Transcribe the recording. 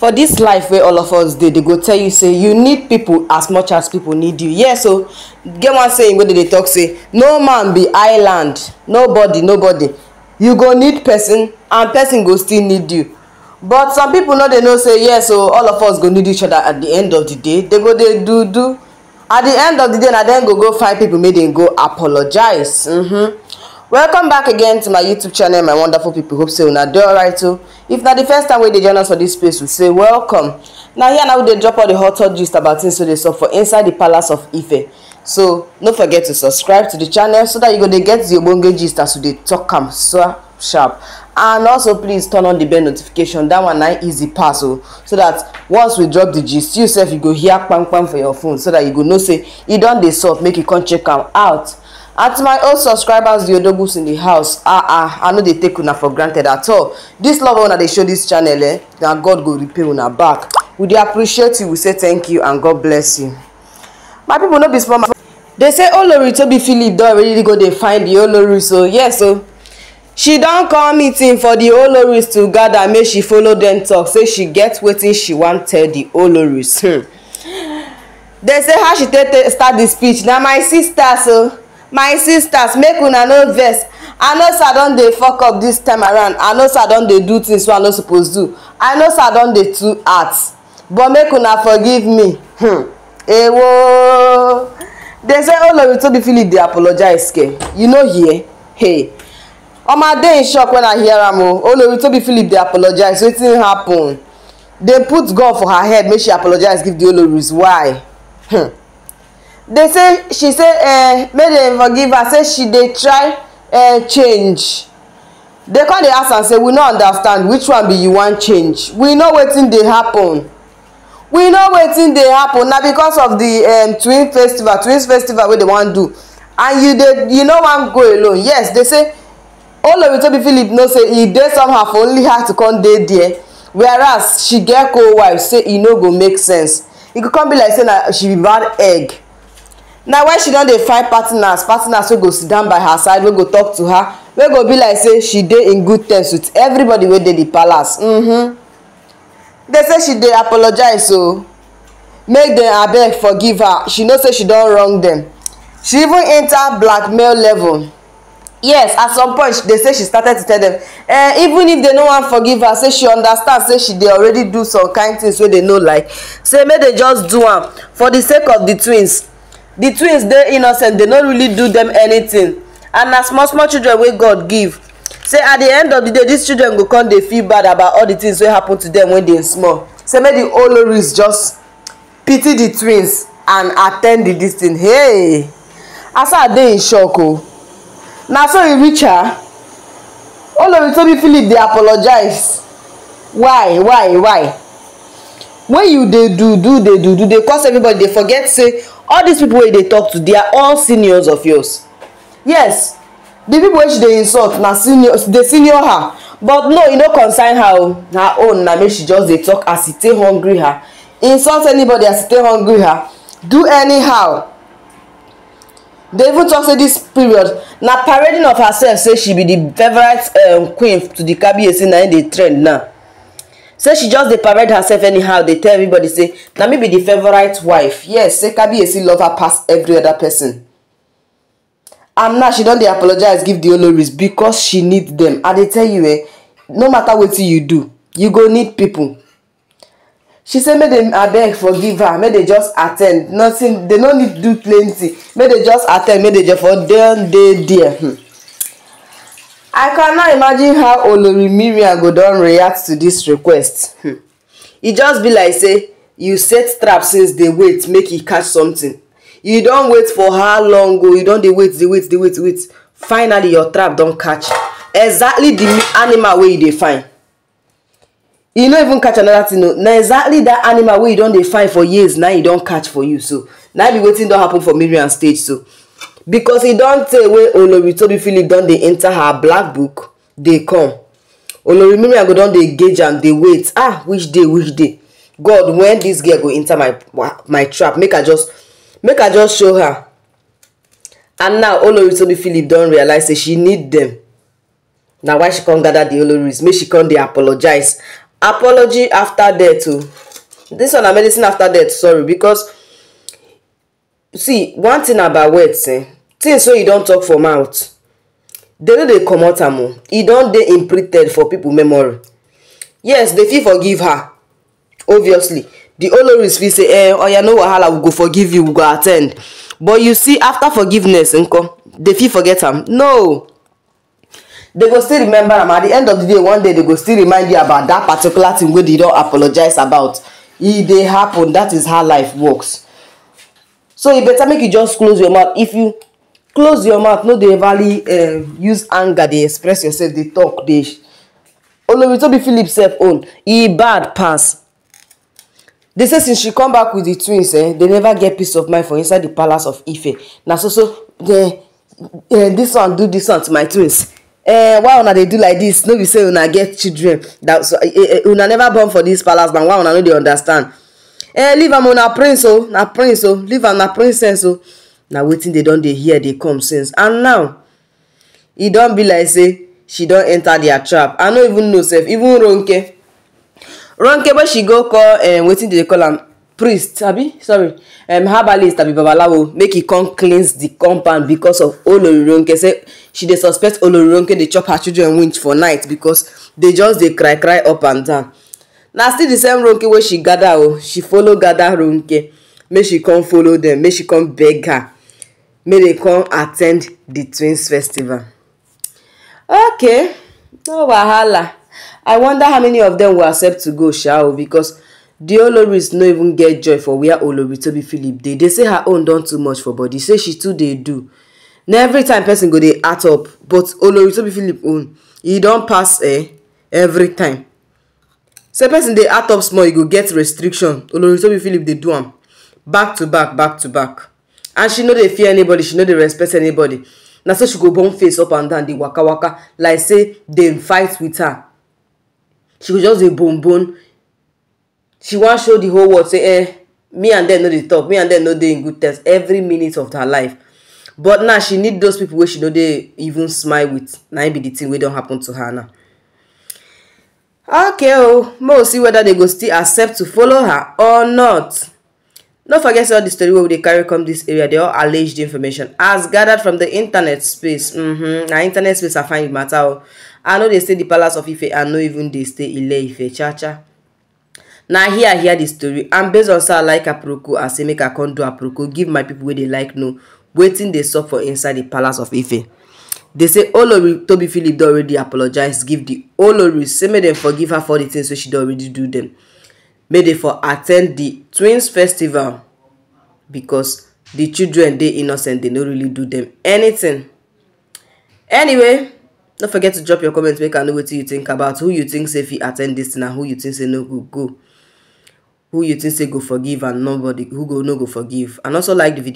for this life wey all of us dey dey go tell you say you need people as much as people need you yes o get one saying wey dey talk say no man be island nobody nobody you go need person and person go still need you but some people no dey know say yes o all of us go need each other at the end of the day they go dey do do at the end of the day na dem go go find people, make them go apologize. apologise mm-hmm. welcome back again to my youtube channel my wonderful people hope say una dey alright o if na the first time wey dey join us for dis space we say welcome na here na we dey drop all the hot hot gist about things wey dey sup for inside the palace of ife so no forget to subscribe to the channel so that you go dey get the ogbonge gist as we dey tok am sharp and also please turn on the bell notification that one na easy pass o oh. so that once we drop the gist you sef you go hear kpamkpam for your phone so that you go know say e don dey sup make you come check am out at my old subscribers the odogus in the house ah ah i no dey take una for granted at all this love una dey show this channel eh na god go repay una back we dey appreciate you we say thank you and god bless you my people no be small matter they say olori oh, tobi philip don already go dey find the olori so yes o she don call meeting for the oloris to gather make she follow dem talk say she get wetin she wan tell the oloris hmm. they say how she take start the speech na my sister so my sisters make una no vex i know sir don dey fok up dis time around i know sir don dey do tins wey i no suppose do i know sir don dey too hard but make una forgive me hmm. ewo dey say olori tobi philip dey apologize ke you no hear hey omo i dey in shock when i hear am o olori tobi philip dey apologize wetin happen dey put gun for her head make she apologize give the oloris why. Hmm. They say she say uh, make dem forgive her say she dey try uh, change dey come dey ask am say we no understand which one be you wan change we know wetin dey happen we know wetin dey happen na because of the um, twin festival Twin festival wey dey wan do and you dey you no wan go alone yes dey say oloritobi philip know say e dey somehow for only her to come dey there whereas she get co-wife say e no go make sense e go come be like say na she be bad egg na why she don dey find partners partners wey go sit down by her side wey go talk to her wey go be like say she dey in good terms with everybody wey dey the palace mm-hmm. dey say she dey apologize o so. make dem abeg forgive her she know say she don wrong dem she even enter blackmail level yes at some point they say she started to tell them eh even if they no wan forgive her say she understand say she dey already do some kind things wey they no like say make they just do am for the sake of the twins the twins dey innocent they no really do them anything and na small small children wey god give say at the end of the day these children go come dey feel bad about all the things wey happen to them when they small say make the oloris just pity the twins and at ten d the dis thing hey asa dey in shock o oh. na so e reach her ah. oloritobi philip dey apologize why why why when you dey do do dey do do dey cause everybody dey forget say all these people wey you dey talk to they are all seniors of yours yes the people wey she dey insult na seniors, dey senior her but no e no concern her o her own na make she just dey talk as e take hungry her insult anybody as e take hungry her do anyhow dey even talk say this period na parading of herself say she be the favourite um, queen to the kabiyesi na im dey trend now say she just dey parade herself anyhow dey tell everybody say na me be the favourite wife yes say kabiyesi love her pass every other person and now she don dey apologize give the oloris because she need them i dey tell you eh no matter wetin you do you go need people she say make dem abeg forgive her make dem just at ten d nothing dem no need do plenty make dem just at ten d make dem just for don dey there. Hmm. I cannot imagine how Olori Mariam go don react to this request. Hmm. E just be like say you set trap since dey wait make e catch something. You don wait for how long o? You don dey wait dey wait dey wait wait. Finally your trap don catch exactly the animal wey you dey find. You no even catch another thing o. Na exactly that animal wey you don dey find for years na you don catch for you so. Na be wetin don happen for Miriam stage so because e don tey wey olori tobi philip don dey enter her black book dey come olori mariam don dey gauge am dey wait ah which day which day god when this girl go enter my my trap make i just make i just show her and now olori tobi philip don realize say she need dem na why she come gather the oloris make she come dey apologize, apology after death o oh. This one na medicine after death sorry because see one thing about words eh things so you don't talk for mouth dem no dey comot am o oh. e don't they dey imprinted for people memory yes they fit forgive her obviously the oloris fit say eh oya no wahala we go forgive you we go at ten d but you see after forgiveness nko they fit forget am no they go still remember am at the end of the day one day they go still remind you about that particular thing wey they don apologize about e dey happen that is how life works so e better make you just close your mouth if you close your mouth no dey really uh, use anger dey express yourself dey talk dey oloritobi philip sef own e bad pass dey say since she come back with the twins eh, they never get peace of mind for inside the palace of ife na so so eh, eh, this one do this one to my twins eh, why una dey do like this no be say una get children that so, eh, eh, eh una never born for this palace man why una no dey understand eh leave am una prince o oh, na prince o oh, leave am na princess o oh. na wetin they don't they hear they come since and now e don be like say she don enter their trap i no even know self even ronke ronke but she go call um, wetin they call am priest abi sorry um, herbalist abi babalawo make he come cleanse the compound because of olori ronke say she dey suspect olori ronke dey chop her children winch for night because they just dey cry cry up and down na still the same ronke wey she gather o she follow gather ronke make she come follow them, make she come beg her make they come attend the twins festival okay no wahala i wonder how many of them will accept to go sha o because di oloris no even get joy for wia olori tobi philip dey They say her own don too much for body say she too dey do na time person go dey act up but olori tobi philip own e don pass eh every time say person they add up small you go get restriction oloritobi philip they do am back to back back to back and she know they fear anybody she know they respect anybody Now so she go born face up and down dey waka waka like say they fight with her she go just a boom boom. she want show the whole world say eh me and them no dey talk me and them no dey in good terms every minute of her life but now she need those people where she know they even smile with Now im be the thing we don't happen to her now okay oh, we'll see whether they go still accept to follow her or not Don't forget say all di story where they carry come this area They all alleged information as gathered from the internet space mm-hmm. Now internet space i find di matter Oh, i know they stay the palace of ife i know even they stay ile ife cha cha Now here i hear di story and based on say i like proko i say make a condo a proko. give my people where they like know waiting. They sup for inside the palace of ife They say olori oh, toby philip don already apologise give the olori oh, say make dem forgive her for the things wey she don already do them. May they for attend the twins festival because the children dey innocent They no really do them anything. anyway no forget to drop your comment make i know wetin you think about who you think say fit attend this tin and who you think say no go go who you think say go forgive and nobody who go no go forgive and also like the video